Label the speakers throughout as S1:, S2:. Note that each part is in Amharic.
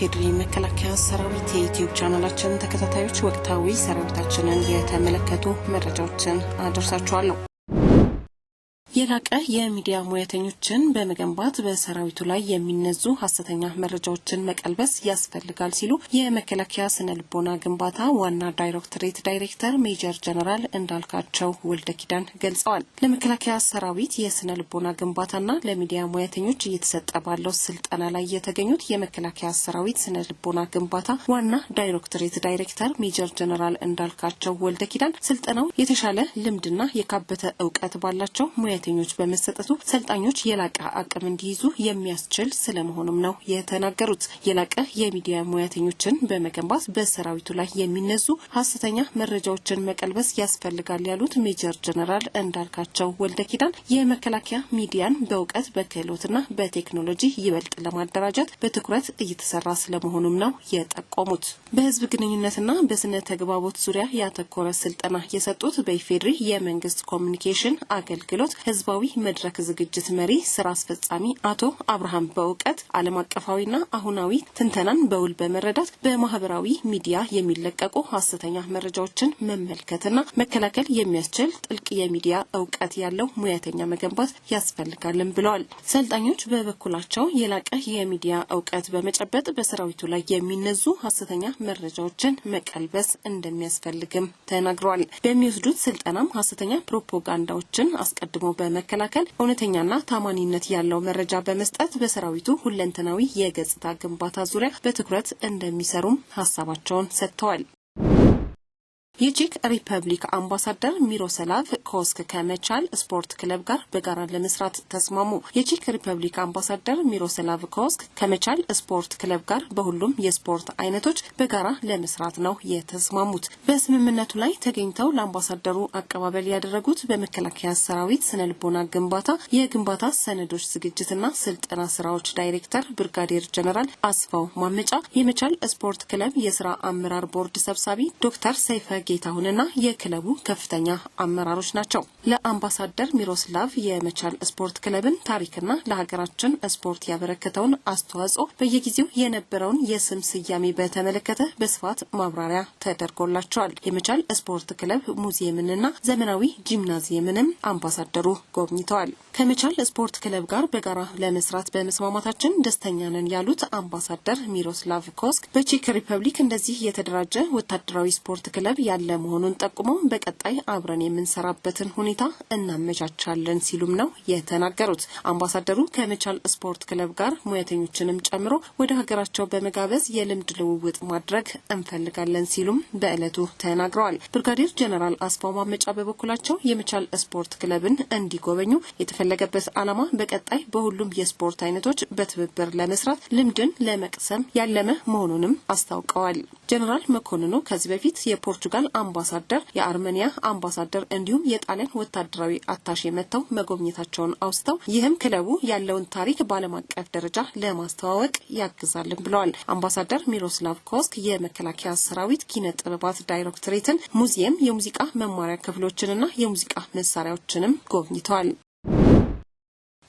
S1: ፌዴሪ መከላከያ ሰራዊት የኢትዮ ቻናላችን ተከታታዮች ወቅታዊ ሰራዊታችንን የተመለከቱ መረጃዎችን አደርሳችኋለሁ። የላቀ የሚዲያ ሙያተኞችን በመገንባት በሰራዊቱ ላይ የሚነዙ ሀሰተኛ መረጃዎችን መቀልበስ ያስፈልጋል ሲሉ የመከላከያ ስነ ልቦና ግንባታ ዋና ዳይሬክቶሬት ዳይሬክተር ሜጀር ጀነራል እንዳልካቸው ወልደ ኪዳን ገልጸዋል። ለመከላከያ ሰራዊት የስነ ልቦና ግንባታና ለሚዲያ ሙያተኞች እየተሰጠ ባለው ስልጠና ላይ የተገኙት የመከላከያ ሰራዊት ስነ ልቦና ግንባታ ዋና ዳይሬክቶሬት ዳይሬክተር ሜጀር ጀነራል እንዳልካቸው ወልደ ኪዳን ስልጠናው የተሻለ ልምድና የካበተ እውቀት ባላቸው ሙያተኞች ለሰራተኞች በመሰጠቱ ሰልጣኞች የላቀ አቅም እንዲይዙ የሚያስችል ስለመሆኑም ነው የተናገሩት። የላቀ የሚዲያ ሙያተኞችን በመገንባት በሰራዊቱ ላይ የሚነዙ ሀሰተኛ መረጃዎችን መቀልበስ ያስፈልጋል ያሉት ሜጀር ጀነራል እንዳልካቸው ወልደ ኪዳን የመከላከያ ሚዲያን በእውቀት በክህሎትና በቴክኖሎጂ ይበልጥ ለማደራጀት በትኩረት እየተሰራ ስለመሆኑም ነው የጠቆሙት። በህዝብ ግንኙነትና በስነ ተግባቦት ዙሪያ ያተኮረ ስልጠና የሰጡት በኢፌዴሪ የመንግስት ኮሚኒኬሽን አገልግሎት ህዝባዊ መድረክ ዝግጅት መሪ ስራ አስፈጻሚ አቶ አብርሃም በእውቀት ዓለም አቀፋዊና አሁናዊ ትንተናን በውል በመረዳት በማህበራዊ ሚዲያ የሚለቀቁ ሀሰተኛ መረጃዎችን መመልከትና መከላከል የሚያስችል ጥልቅ የሚዲያ እውቀት ያለው ሙያተኛ መገንባት ያስፈልጋልን ብለዋል። ሰልጣኞች በበኩላቸው የላቀ የሚዲያ እውቀት በመጨበጥ በሰራዊቱ ላይ የሚነዙ ሀሰተኛ መረጃዎችን መቀልበስ እንደሚያስፈልግም ተናግረዋል። በሚወስዱት ስልጠናም ሀሰተኛ ፕሮፓጋንዳዎችን አስቀድሞ በመከላከል እውነተኛና ታማኒነት ያለው መረጃ በመስጠት በሰራዊቱ ሁለንተናዊ የገጽታ ግንባታ ዙሪያ በትኩረት እንደሚሰሩም ሀሳባቸውን ሰጥተዋል።
S2: የቼክ ሪፐብሊክ አምባሳደር ሚሮሰላቭ ኮስክ ከመቻል ስፖርት ክለብ ጋር በጋራ ለመስራት ተስማሙ። የቼክ ሪፐብሊክ አምባሳደር ሚሮሰላቭ ኮስክ ከመቻል ስፖርት ክለብ ጋር በሁሉም የስፖርት አይነቶች በጋራ ለመስራት ነው የተስማሙት። በስምምነቱ ላይ ተገኝተው ለአምባሳደሩ አቀባበል ያደረጉት በመከላከያ ሰራዊት ስነ ልቦና ግንባታ የግንባታ ሰነዶች ዝግጅትና ስልጠና ስራዎች ዳይሬክተር ብርጋዴር ጀነራል አስፋው ማመጫ፣ የመቻል ስፖርት ክለብ የስራ አመራር ቦርድ ሰብሳቢ ዶክተር ሰይፈ ጌታሁንና የክለቡ ከፍተኛ አመራሮች ናቸው። ለአምባሳደር ሚሮስላቭ የመቻል ስፖርት ክለብን ታሪክና ለሀገራችን ስፖርት ያበረከተውን አስተዋጽኦ በየጊዜው የነበረውን የስም ስያሜ በተመለከተ በስፋት ማብራሪያ ተደርጎላቸዋል። የመቻል ስፖርት ክለብ ሙዚየምንና ዘመናዊ ጂምናዚየምንም አምባሳደሩ ጎብኝተዋል። ከመቻል ስፖርት ክለብ ጋር በጋራ ለመስራት በመስማማታችን ደስተኛ ነን ያሉት አምባሳደር ሚሮስላቭ ኮስክ በቼክ ሪፐብሊክ እንደዚህ የተደራጀ ወታደራዊ ስፖርት ክለብ ያለ ያለ መሆኑን ጠቁመው በቀጣይ አብረን የምንሰራበትን ሁኔታ እናመቻቻለን ሲሉም ነው የተናገሩት። አምባሳደሩ ከመቻል ስፖርት ክለብ ጋር ሙያተኞችንም ጨምሮ ወደ ሀገራቸው በመጋበዝ የልምድ ልውውጥ ማድረግ እንፈልጋለን ሲሉም በእለቱ ተናግረዋል። ብርጋዴር ጀነራል አስፋው ማመጫ በበኩላቸው የመቻል ስፖርት ክለብን እንዲጎበኙ የተፈለገበት ዓላማ በቀጣይ በሁሉም የስፖርት አይነቶች በትብብር ለመስራት ልምድን ለመቅሰም ያለመ መሆኑንም አስታውቀዋል። ጀነራል መኮንኑ ከዚህ በፊት የፖርቱጋል አምባሳደር፣ የአርሜኒያ አምባሳደር እንዲሁም የጣሊያን ወታደራዊ አታሼ መጥተው መጎብኘታቸውን አውስተው ይህም ክለቡ ያለውን ታሪክ በዓለም አቀፍ ደረጃ ለማስተዋወቅ ያግዛልን ብለዋል። አምባሳደር ሚሮስላቭ ኮስክ የመከላከያ ሰራዊት ኪነ ጥበባት ዳይሬክቶሬትን ሙዚየም፣ የሙዚቃ መማሪያ ክፍሎችንና የሙዚቃ መሳሪያዎችንም ጎብኝተዋል።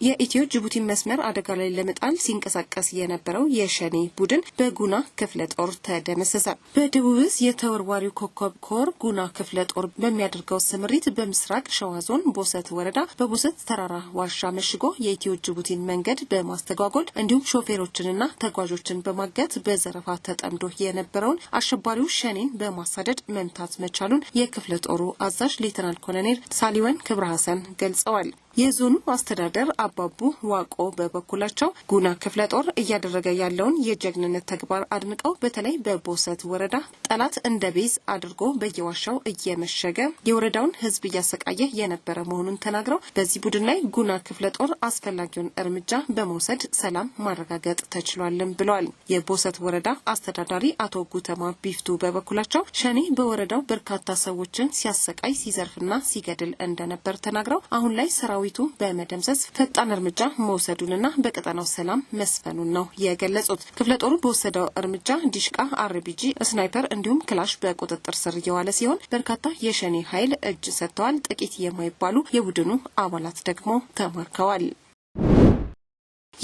S2: የኢትዮ ጅቡቲ መስመር አደጋ ላይ ለመጣል ሲንቀሳቀስ የነበረው የሸኔ ቡድን በጉና ክፍለ ጦር ተደመሰሰ። በደቡብ እዝ የተወርዋሪው ኮከብ ኮር ጉና ክፍለ ጦር በሚያደርገው ስምሪት በምስራቅ ሸዋ ዞን ቦሰት ወረዳ በቦሰት ተራራ ዋሻ መሽጎ የኢትዮ ጅቡቲን መንገድ በማስተጓጎል እንዲሁም ሾፌሮችንና ተጓዦችን በማገት በዘረፋ ተጠምዶ የነበረውን አሸባሪው ሸኔን በማሳደድ መምታት መቻሉን የክፍለ ጦሩ አዛዥ ሌተናል ኮሎኔል ሳሊወን ክብረ ሀሰን ገልጸዋል። የዞኑ አስተዳደር አባቡ ዋቆ በበኩላቸው ጉና ክፍለ ጦር እያደረገ ያለውን የጀግንነት ተግባር አድንቀው በተለይ በቦሰት ወረዳ ጠላት እንደ ቤዝ አድርጎ በየዋሻው እየመሸገ የወረዳውን ሕዝብ እያሰቃየ የነበረ መሆኑን ተናግረው በዚህ ቡድን ላይ ጉና ክፍለ ጦር አስፈላጊውን እርምጃ በመውሰድ ሰላም ማረጋገጥ ተችሏልም ብለዋል። የቦሰት ወረዳ አስተዳዳሪ አቶ ጉተማ ቢፍቱ በበኩላቸው ሸኔ በወረዳው በርካታ ሰዎችን ሲያሰቃይ ሲዘርፍና ሲገድል እንደነበር ተናግረው አሁን ላይ ሰራዊ ሰራዊቱ በመደምሰስ ፈጣን እርምጃ መውሰዱንና በቀጠናው ሰላም መስፈኑን ነው የገለጹት። ክፍለ ጦሩ በወሰደው እርምጃ ዲሽቃ፣ አርቢጂ፣ ስናይፐር እንዲሁም ክላሽ በቁጥጥር ስር እየዋለ ሲሆን በርካታ የሸኔ ኃይል እጅ ሰጥተዋል። ጥቂት የማይባሉ የቡድኑ አባላት ደግሞ ተማርከዋል።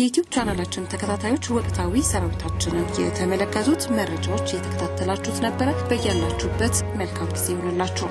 S2: የዩቲዩብ ቻናላችን ተከታታዮች ወቅታዊ ሰራዊታችንን የተመለከቱት መረጃዎች የተከታተላችሁት ነበረ። በያላችሁበት መልካም ጊዜ ይሆንላችሁ።